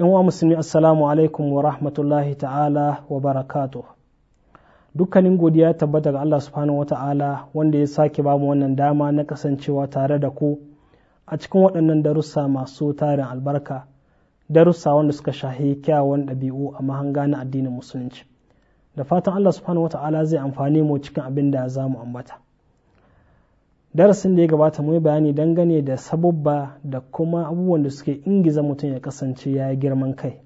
in wa musulmi assalamu alaikum wa rahmatullahi ta'ala wa barakatu dukkanin godiya tabbata ga Allah subhanahu wa ta'ala wanda ya sake bamu wannan dama na kasancewa tare da ku a cikin waɗannan darussa masu tarin albarka darussa wanda suka shahi kyawun ɗabi'u a mahanga na addinin musulunci da fatan Allah subhanahu wa ta'ala zai amfani mu cikin abin da za mu ambata darasin da ya gabata mu bayani dangane da sabubba da kuma abubuwan da suke ingiza mutum ya kasance ya yi girman kai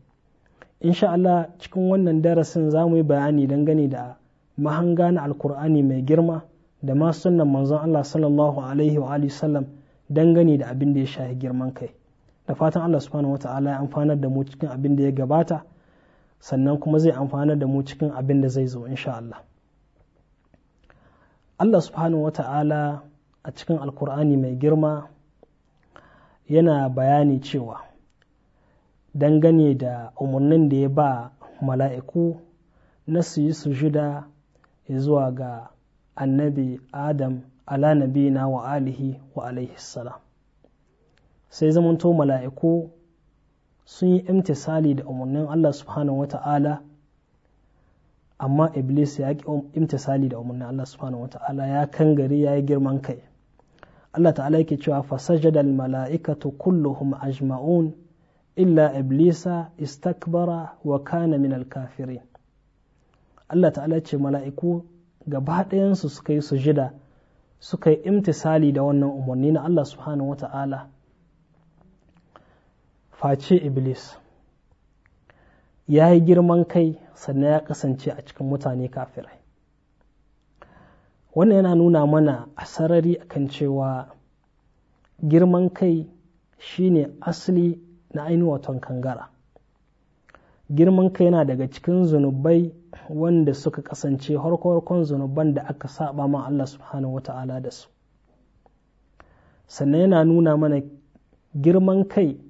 insha Allah cikin wannan darasin za mu yi bayani dangane da mahanga na alkur'ani mai girma da ma sunnan manzon Allah sallallahu alaihi wa alihi sallam dangane da abin da ya shafi girman kai da fatan Allah subhanahu ta'ala ya amfanar da mu cikin abin da ya gabata sannan kuma zai amfanar da mu cikin abin da zai zo insha Allah Allah subhanahu ta'ala a cikin alkur'ani mai girma yana bayani cewa dangane da umarnin da ya ba mala'iku na su yi sujuda zuwa ga annabi adam ala nabina wa alihi wa alaihi salam sai zamanto mala'iku sun yi imtisali da umarnin Allah subhanahu wata'ala amma iblis ya ƙi imtisali da umarnin Allah subhanahu wata'ala ya kangare ya yi girman kai Allah ta'ala yake cewa fasajada mala'ikatu kulluhum ajma'un illa iblisa istakbara wa kana minal kafirin Allah ta'ala ce mala'iku gaba su suka yi sujida suka yi imtisali da wannan umarni na Allah subhanahu wata'ala face iblis ya yi girman kai sannan ya kasance a cikin mutane kafirai wannan yana nuna mana a sarari akan cewa girman kai shine asali na ainihin waton kangara girman kai yana daga cikin zunubai wanda suka kasance harkokin zunuban da aka saba ma Allah subhanahu wa ta'ala da su sannan yana nuna mana girman kai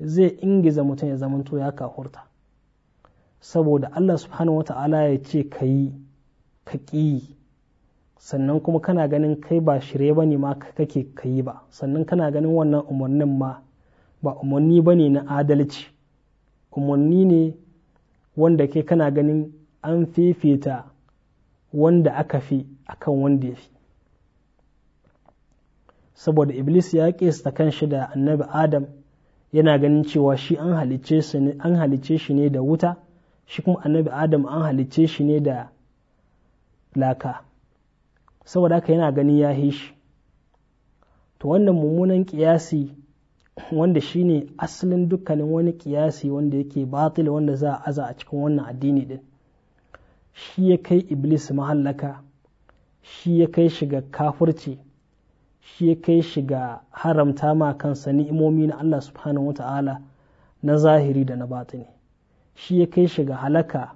zai ingiza mutum ya zamanto ya kahurta saboda Allah subhanahu wa ta'ala ya ce ka yi ka ƙi sannan kuma kana ganin kai ba shirye ba ne ma kake ka yi ba sannan kana ganin wannan umarnin ma ba umarni ba ne na adalci umarni ne wanda kai kana ganin an fefeta wanda aka fi akan wanda ya fi saboda iblis ya kesta kan shi da annabi adam yana ganin cewa shi an halicce shi ne da wuta shi kuma annabi adam an halicce shi ne da laka saboda haka yana gani ya shi to wannan mummunan kiyasi wanda shine asalin dukkanin wani kiyasi wanda yake batil wanda za a aza a cikin wannan addini din shi ya kai iblis mahallaka shi ya kai shi ga kafirci shi ya kai shi ga haramta ma kansa ni'imomi na Allah subhanahu wata'ala na zahiri da na batini shi ya kai shi ga halaka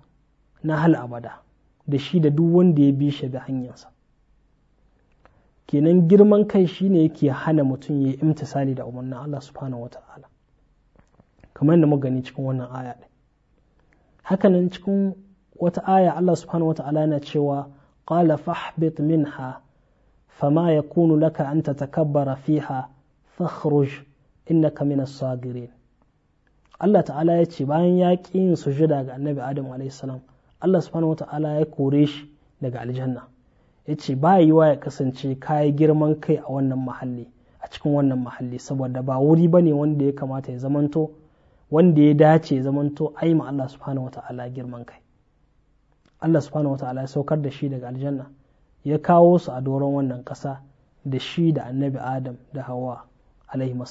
na hal abada da shi da duk wanda ya bi shi shiga hanyarsa kenan girman kai shine yake hana mutum ya imtisali da umarnin Allah subhanahu wata'ala kamar yadda muka gani cikin wannan aya ɗin hakanan cikin wata aya Allah subhanahu wata'ala yana cewa qala fahbit minha fama kunu laka an tatakabbara fiha fakhruj innaka minas sagirin Allah ta'ala ya ce bayan ya ƙi yin sujada ga annabi Adam alaihi salam Allah subhanahu wata'ala ya kore shi daga aljanna ya ce ba yi yiwa ya kasance kayi girman kai a wannan mahalli a cikin wannan mahalli saboda ba wuri ba ne wanda ya kamata ya zamanto wanda ya dace ya zamanto ai ma Allah subhanahu wa ta'ala girman kai Allah subhanahu wa ta'ala ya saukar da shi daga aljanna ya kawo su a doron wannan ƙasa da shi da annabi adam da hawa alaihi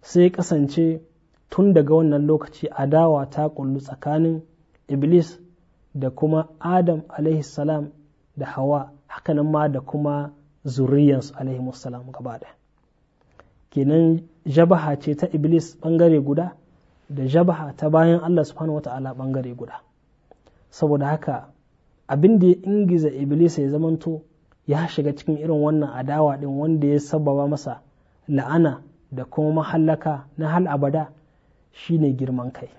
sai kasance tun daga wannan lokaci adawa ta kullu tsakanin iblis da kuma adam salam da hawa hakanan ma da kuma zuriyansu salam gaba da. kenan jabaha ce ta iblis ɓangare guda da jabaha ta bayan allah subhanahu wa ta'ala ɓangare guda saboda haka abin da ya ingiza iblis ya zamanto ya shiga cikin irin wannan adawa ɗin wanda ya sababa masa la'ana da kuma mahallaka na hal abada shine girman kai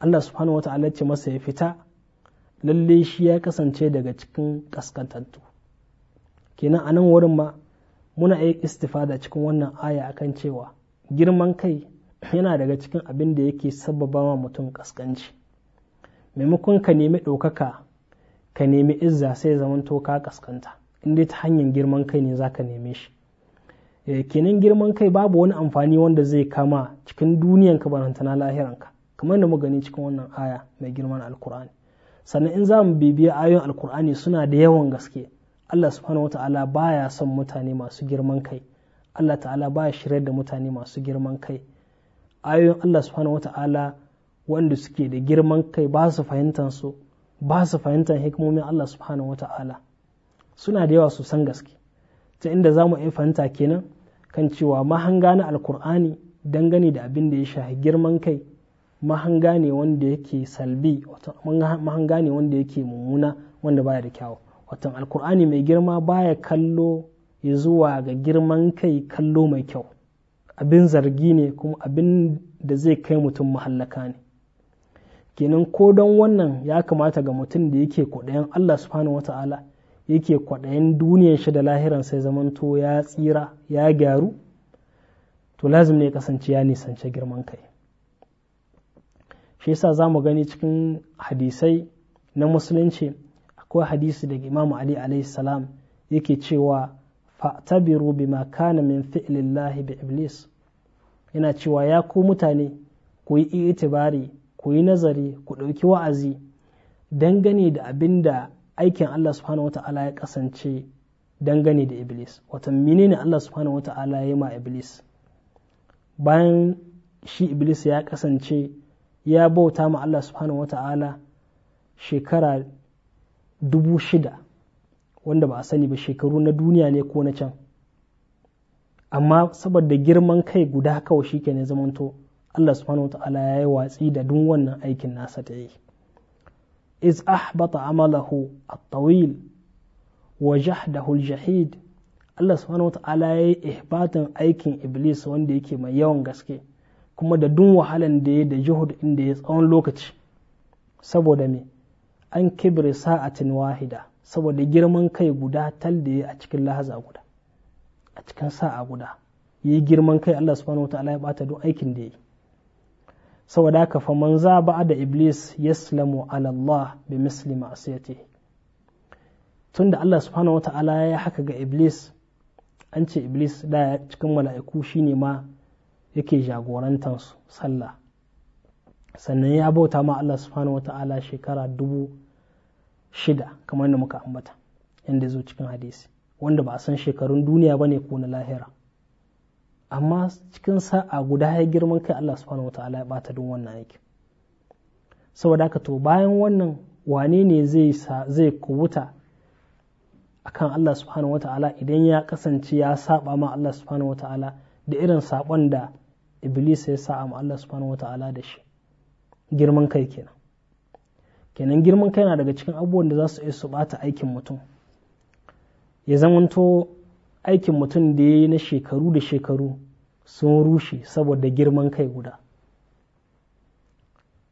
Allah subhanahu wa ta'ala ce masa ya fita lalle shi ya kasance daga cikin kaskantattu kenan anan wurin ma muna yi istifada cikin wannan aya akan cewa girman kai yana daga cikin abin da yake sabbabawa ma mutum kaskanci maimakon ka nemi ɗaukaka ka nemi izza sai zamanto ka kaskanta inda ta hanyar girman kai ne zaka neme shi eh, kenan girman kai babu wani amfani wanda zai kama cikin duniyanka barantana lahiranka kamar da mu gani cikin wannan aya mai girman alkur'ani sannan in za mu bibiya ayoyin alkur'ani suna da yawan gaske Allah subhanahu wa ta'ala baya son mutane masu girman kai Allah ta'ala baya shirya da mutane masu girman kai ayoyin Allah subhanahu wa ta'ala wanda suke da girman kai ba su fahimtar su ba su fahimtar hikimomin Allah subhanahu wa ta'ala suna da yawa sosan gaske ta inda za mu iya fahimta kenan kan cewa mahanga na alkur'ani dangane da abin da ya shafi girman kai mahanga ne wanda yake salbi mahanga ne wanda yake mummuna wanda baya da kyawu watan alkur'ani mai girma baya kallo ya zuwa ga girman kai kallo mai kyau abin zargi ne kuma abin da zai kai mutum mahallaka ne kenan ko don wannan ya kamata ga mutum da yake kwaɗayan Allah subhanahu wata'ala yake kwaɗayan duniyar shi da lahiran sai zamanto ya tsira ya gyaru to lazim ne kasance ya nisance girman kai shi yasa za mu gani cikin hadisai na musulunci akwai hadisi daga imamu ali alaihi salam yake cewa fa'tabiru bima kana min fi'lillahi bi iblis yana cewa ya ku mutane ku yi itibari ku yi nazari ku ɗauki wa'azi dangane da abin da aikin Allah subhanahu wa ya kasance dangane da iblis wata menene Allah subhanahu wa ta'ala ya ma iblis bayan shi iblis ya kasance ya bauta ma Allah subhanahu wata'ala shekara dubu shida wanda ba a sani ba shekaru na duniya ne ko na can amma saboda girman kai guda kawai shi ke ne zamanto Allah subhanahu wata'ala ya yi watsi da dun wannan aikin nasa ta yi iz ahbata amalahu at-tawil wa jahdahu al-jahid Allah subhanahu wata'ala ya yi ihbatan aikin iblis wanda yake mai yawan gaske kuma da dun wahalan da ya da juhud inda ya tsawon lokaci saboda me an kibre sa'atin wahida saboda girman kai guda tal da ya a cikin lahaza guda a cikin sa'a guda ya yi girman kai Allah subhanahu wa ta'ala ya bata duk aikin da ya yi saboda haka fa man za ba da iblis yaslamu ala Allah bi misli ma'asiyati tunda Allah subhanahu wa ta'ala ya haka ga iblis an ce iblis da cikin mala'iku shine ma yake jagorantansu sallah sannan ya bauta ma Allah subhanahu wa ta'ala shekara dubu shida kamar yadda muka ambata yadda zo cikin hadisi wanda ba a san shekarun duniya ba ne ko na lahira amma cikin sa'a guda ya girman kai Allah subhanahu wa ta'ala ya bata don wannan aikin saboda haka to bayan wannan wane ne zai kubuta akan Allah subhanahu wa ta'ala idan ya kasance ya saba ma Allah subhanahu wa ta'ala da irin saƙon da iblis ya sa amma Allah subhanahu wata'ala da shi girman kai kenan kenan girman kai na daga cikin abubuwan da za su iya su bata aikin mutum ya zamanto aikin mutum da ya yi na shekaru da shekaru sun rushe saboda girman kai guda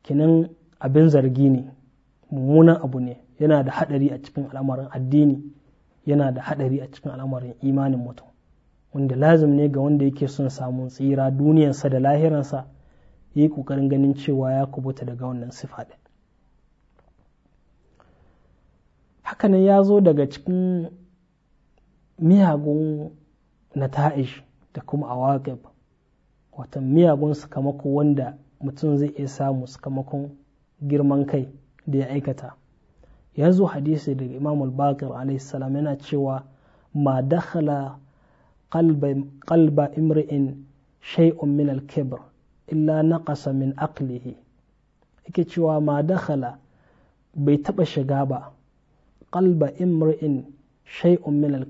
Kenan abin zargi ne mummunan abu ne yana da haɗari a cikin al'amarin addini yana da haɗari a cikin al'amarin imanin mutum wanda lazim ne ga wanda yake son samun tsira duniyarsa da lahiransa ya yi ƙoƙarin ganin cewa ya kubuta daga wannan sifa ɗin hakanan ya zo daga cikin miyagun nata'ish da kuma a awaqib wata miyagun sakamako wanda mutum zai iya samu sakamakon girman kai da ya aikata ya zo hadisi daga imam al-bakir yana cewa ma dakhala قلب امرئ شيء min الكبر kibr نقص من min aqlihi yake cewa ma dakhala bai taba shiga ba qalba imri'in shay'un min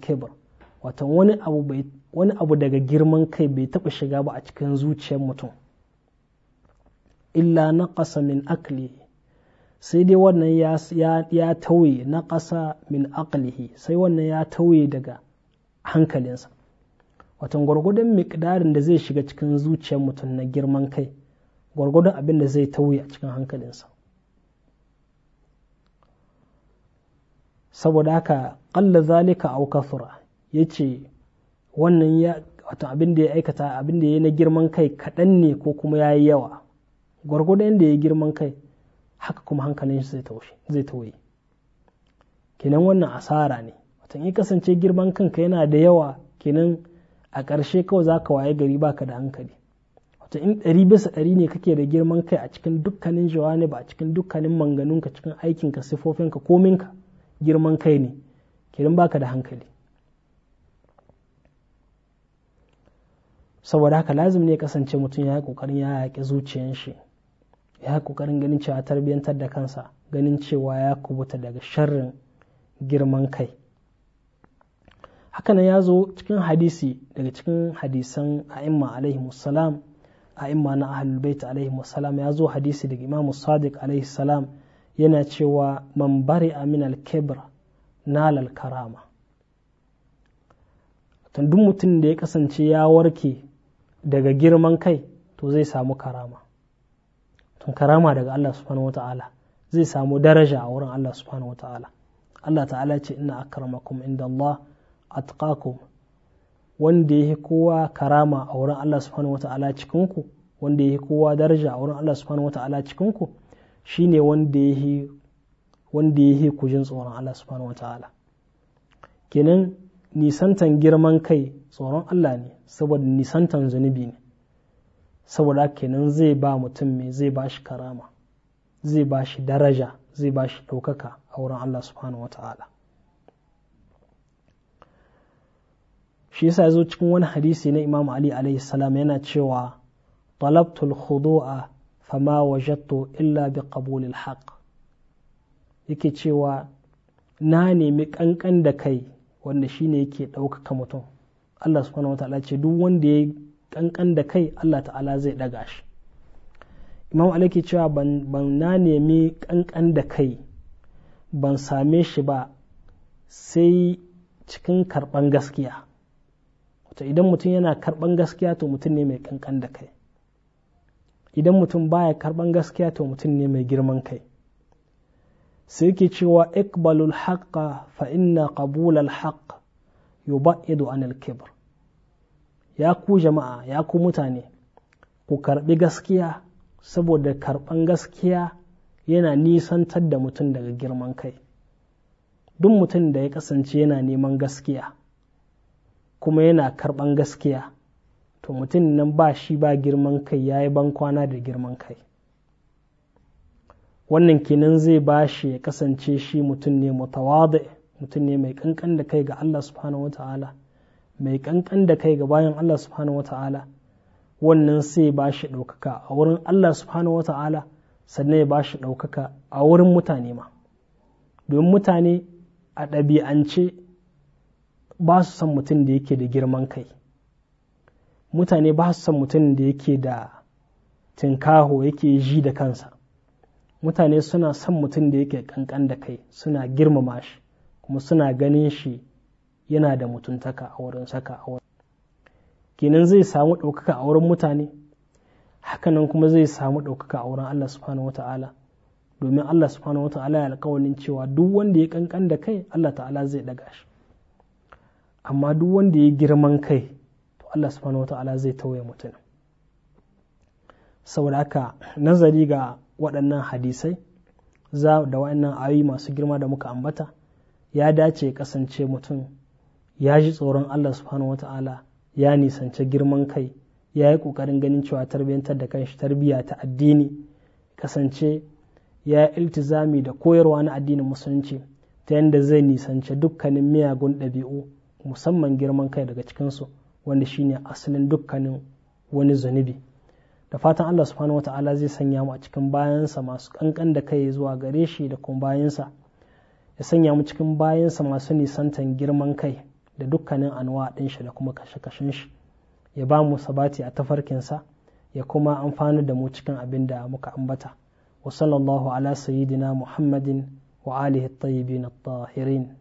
wani abu wani abu daga girman kai bai taɓa shiga ba a cikin zuciyar mutum illa naqasa min aqlihi sai dai wannan ya tauye na ƙasa min aqlihi sai wannan ya tauye daga hankalinsa watan gwargwadon mikidarin da zai shiga cikin zuciyar mutum na girman kai gwargwadon abin da zai tauye a cikin hankalinsa saboda haka ƙalla zalika au kafura ya ce wannan ya abin da ya aikata abin da ya na girman kai kaɗan ne ko kuma ya yi yawa gwargwadon da ya yi girman kai haka kuma hankalin shi zai tauye kenan wannan asara ne watan ya kasance girman kanka yana da yawa kenan a ƙarshe kawai za ka waye gari baka da hankali wato in ɗari bisa ɗari ne kake da girman kai a cikin dukkanin jawani ba a cikin dukkanin manganunka cikin aikinka komin ka girman kai ne kirin baka da hankali saboda haka lazim ne kasance mutum ya yi kokarin ya yaƙi zuciyan shi ya yi kokarin ganin cewa tarbiyyantar da kansa ganin cewa ya kubuta daga sharrin girman kai hakanan ya zo cikin hadisi daga cikin hadisan a'imma alaihi musallam a'imma na ahlul bait alaihi musallam ya zo hadisi daga imamu sadiq alaihi salam yana cewa man bari min al-kibr nalal karama tun duk mutum da ya kasance ya warke daga girman kai to zai samu karama tun karama daga Allah subhanahu wata'ala zai samu daraja a wurin Allah subhanahu wata'ala Allah ta'ala ce inna akramakum inda Allah atqakum wanda yake kowa karama a wurin Allah subhanahu wata'ala cikin ku wanda yake kowa daraja a wurin Allah subhanahu wata'ala cikin ku shine wanda yake wanda yake ku tsoron Allah subhanahu wata'ala kenan nisantan girman kai tsoron Allah ne saboda nisantan zunubi ne saboda kenan zai ba mutum mai zai ba shi karama zai ba shi daraja zai ba shi ɗaukaka a wurin Allah subhanahu wata'ala shi yasa zo cikin wani hadisi na Imam Ali alaihi salam yana cewa talabtul khudu'a fama wajadtu illa bi qabulil haqq yake cewa na nemi kankan da kai wanda shine yake ɗaukaka mutum Allah subhanahu wataala ce duk wanda ya kankan da kai Allah ta'ala zai daga shi Imam Ali ke cewa ban na nemi kankan da kai ban same shi ba sai cikin karban gaskiya to idan mutum yana karban gaskiya to mutum ne mai kankan da kai idan mutum baya karban gaskiya to mutum ne mai girman kai sai yake cewa ikbalul haqqa fa inna qabulal haqq yubaidu anil kibr ya ku jama'a ya ku mutane ku karbi gaskiya saboda karban gaskiya yana nisantar da mutum daga girman kai duk mutum da ya kasance yana neman gaskiya kuma yana karɓan gaskiya to mutum nan ba shi ba girman kai ya yi bankwana da girman kai wannan kenan zai ba shi ya kasance shi mutum ne mutawada mutum ne mai kankan da kai ga Allah subhanahu wa ta'ala mai kankan da kai ga bayan Allah subhanahu wa ta'ala wannan sai ba shi ɗaukaka a wurin Allah subhanahu wa ta'ala sannan ya ba shi ɗaukaka a wurin mutane ma domin mutane a ɗabi'ance ba su son mutum da yake da girman kai mutane ba su son mutum da yake da tinkaho yake ji da kansa mutane suna son mutum da yake kankan da kai suna girmama shi kuma suna ganin shi yana da mutuntaka a wurin saka a wurin kenan zai samu ɗaukaka a wurin mutane hakanan kuma zai samu ɗaukaka a wurin Allah subhanahu wata'ala domin Allah subhanahu wata'ala ya alƙawalin cewa duk wanda ya kankan da kai Allah ta'ala zai ɗaga shi amma duk wanda ya girman kai to Allah subhanahu wata'ala zai tauye mutum saboda haka nazari ga waɗannan hadisai za da waɗannan ayoyi masu girma da muka ambata ya dace kasance mutum ya ji tsoron Allah subhanahu wata'ala ya nisance girman kai ya yi ƙoƙarin ganin cewa tarbiyyantar da kanshi tarbiyya ta addini kasance ya yi iltizami da koyarwa na addinin musulunci ta yadda zai nisance dukkanin miyagun ɗabi'u musamman girman kai daga cikinsu wanda shine asalin dukkanin wani zunubi da fatan Allah subhanahu wata'ala zai sanya mu a cikin bayansa masu kankan da kai zuwa gare shi da kuma bayansa ya sanya mu cikin bayansa masu nisantan girman kai da dukkanin anwa ɗin shi da kuma kashe-kashen shi ya ba mu sabati a tafarkinsa ya kuma amfani da mu cikin abin da muka ambata wa sallallahu ala sayyidina muhammadin wa alihi tayyibin tahirin